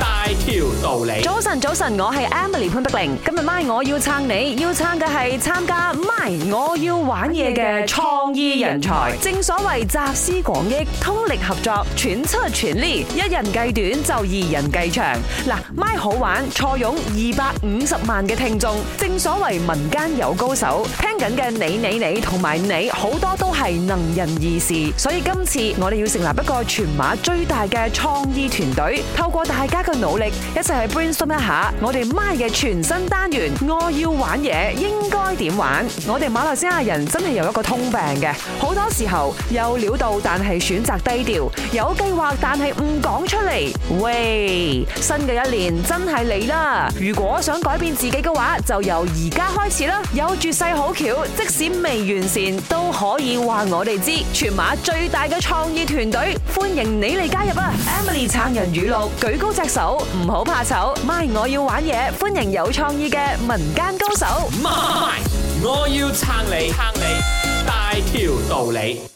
大條道理，早晨早晨，我係 Emily 潘德玲。今日 MY 我要撐你，要撐嘅係參加 MY 我要玩嘢嘅創意人才。正所謂集思廣益，通力合作，全出全力，一人計短就二人計長。嗱，MY 好玩，坐擁二百五十萬嘅聽眾。正所謂民間有高手，聽緊嘅你你你同埋你，好多都係能人異士。所以今次我哋要成立一個全馬最大嘅創意團隊，透過大家。嘅努力一齊去 brainstorm 一下我哋 Mai 嘅全新單元，我要玩嘢應該點玩？我哋馬來西亞人真係有一個通病嘅，好多時候有料到但係選擇低調，有計劃但係唔講出嚟。喂，新嘅一年真係你啦！如果想改變自己嘅話，就由而家開始啦！有絕世好橋即使未完善都可以話我哋知。全馬最大嘅創意團隊，歡迎你嚟加入啊！Emily 撐人語錄，舉高隻手手唔好怕醜。咪我要玩嘢，歡迎有創意嘅民間高手。咪我要撐你，撐你大條道理。